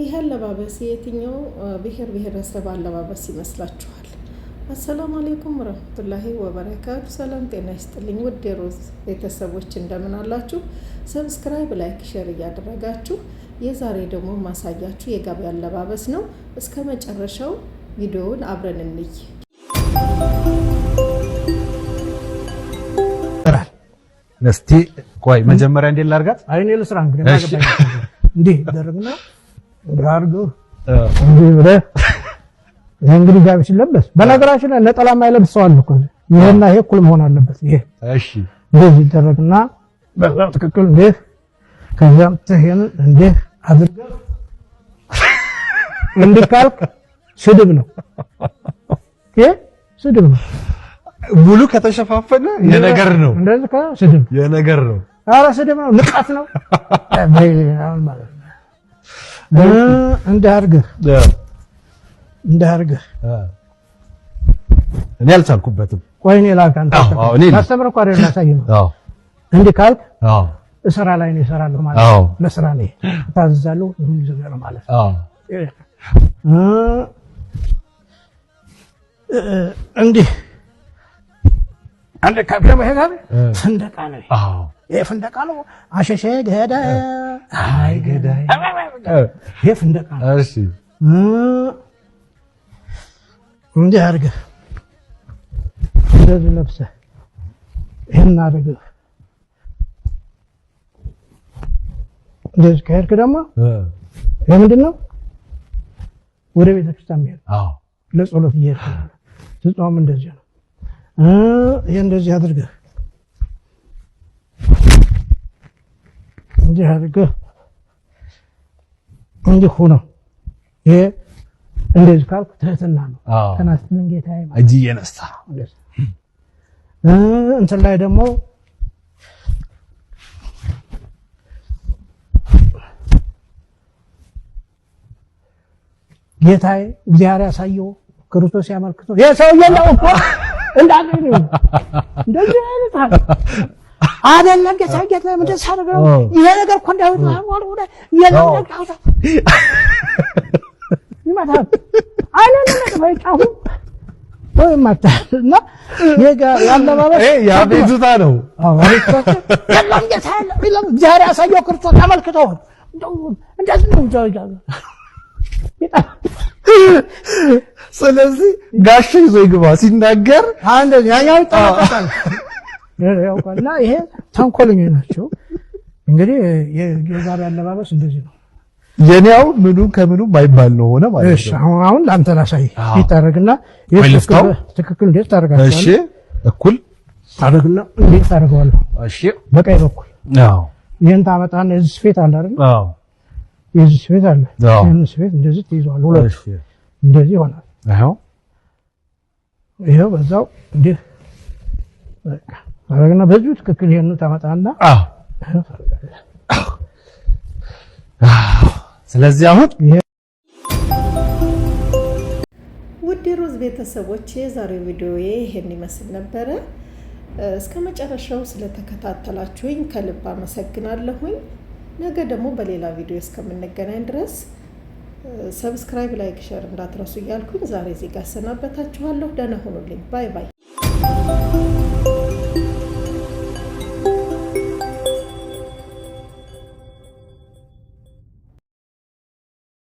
ይህ አለባበስ የትኛው ብሔር ብሔረሰብ አለባበስ ይመስላችኋል? አሰላሙ አሌይኩም ረህመቱላሂ ወበረካቱ። ሰላም ጤና ይስጥልኝ ውድ የሮዝ ቤተሰቦች እንደምን አላችሁ? ሰብስክራይብ፣ ላይክ፣ ሼር እያደረጋችሁ የዛሬ ደግሞ ማሳያችሁ የጋቢ አለባበስ ነው። እስከ መጨረሻው ቪዲዮውን አብረን እንይ። እስቲ ቆይ መጀመሪያ እንዴት ላድርጋት? አይ ልስራ እንግዲህ ዳርጎ እንዲህ ብለህ ይሄ እንግዲህ ጋቢ ሲለበስ በነገራችን ላይ ነጠላ የማይለብስ ሰው አለ እኮ። ይሄና ይሄ እኩል መሆን አለበት። ይሄ እሺ፣ እንደዚህ ይደረግና በዛም ትክክል እንዴ፣ ከዛም ትህን እንዴ አድርገህ ካልክ ስድብ ነው። ይሄ ስድብ ነው። ሙሉ ከተሸፋፈነ የነገር ነው። እንደዚህ ከስድብ የነገር ነው። ኧረ ስድብ ነው፣ ንቀት ነው ማለት ነው። እንዲህ አድርገህ እንዲህ አድርገህ እኔ አልቻልኩበትም። ቆይ እኔ ላልክ አንተ ታስተምር እኮ አይደል ላሳይ ነው። እንዲህ ካልክ ስራ ላይ ነው እሰራለሁ ማለት ነው። ለስራ ላይ ታዝዛለሁ ይሁን ማለት ነው። እንዲህ አንድ ከብለ በሄዳል ፍንደቃ ነው። አዎ ይሄ ፍንደቃ ነው። አሸሸ ገዳ አይ ገዳ ይሄ ፍንደቃ ነው። እሺ እንዲህ አድርገህ እንደዚህ ለብሰህ ይሄን አድርገህ እንደዚህ ከሄድክ ደግሞ ለምንድን ነው ወደ ቤተክርስቲያን ሄድ? ለጸሎት እየሄድክ ስትጾም እንደዚህ ነው ይህ እንደዚህ አድርገህ እንዲህ አድርገህ እንዲህ ሆኖ ይሄ እንደዚህ ካልኩ ትህትና ነው። ተናስተን ጌታ እጅ እየነሳ እንትን ላይ ደግሞ ጌታዬ እግዚአብሔር ያሳየው ክርስቶስ ያመልክቶ ይሄ ነው እኮ እንዳገኝ እንደዚህ አይነት አይደለም ጌታ ጌታ ምንድን ሳደርገው ይሄ ነገር እኮ እንዳይሆን አልሆነ ሆነ የለም ነቃታ ይመታል አይነን ነገር ባይቃሁ ወይ ማታና ይጋ ያለባበስ እህ ያ ቤቱታ ነው የለም ጌታ የለም ዛሬ አሳየው ክርስቶስ ተመልክተው እንደዚህ ነው ጃጋ ይጣ ስለዚህ ጋሽ ይዞ ይግባ ሲናገር አንድ ያኛው ይጣጣል እና ይሄ ተንኮለኞች ናቸው። እንግዲህ የዛሬ አለባበስ እንደዚህ ነው። የኔው ምኑ ከምኑ ማይባል ነው ሆነ ማለት ነው። እሺ አሁን አሁን አንተ ላሳይ ይታረግና ትክክል እንዴት ታረጋለህ? እሺ እኩል ታረግና እንዴት ታረጋለህ? እሺ በቀኝ በኩል አዎ፣ ይሄን ታመጣን እዚህ ስፌት አለ አይደል? አዎ፣ እዚህ ስፌት አለ። ይሄን ስፌት እንደዚህ ትይዘዋለህ። ሁለት እንደዚህ ይሆናል። ይኸው ይኸው በዛው እንዲህ ማድረግና በዚሁ ትክክል ይሄን ታመጣና ስለዚህ አሁን ውድ ሮዝ ቤተሰቦች የዛሬው ቪዲዮ ይሄን ይመስል ነበረ። እስከ መጨረሻው ስለተከታተላችሁኝ ከልብ አመሰግናለሁኝ። ነገ ደግሞ በሌላ ቪዲዮ እስከምንገናኝ ድረስ ሰብስክራይብ፣ ላይክ፣ ሸር እንዳትረሱ እያልኩኝ ዛሬ እዚህ ጋር ደህና ሁኑልኝ። ባይ ባይ።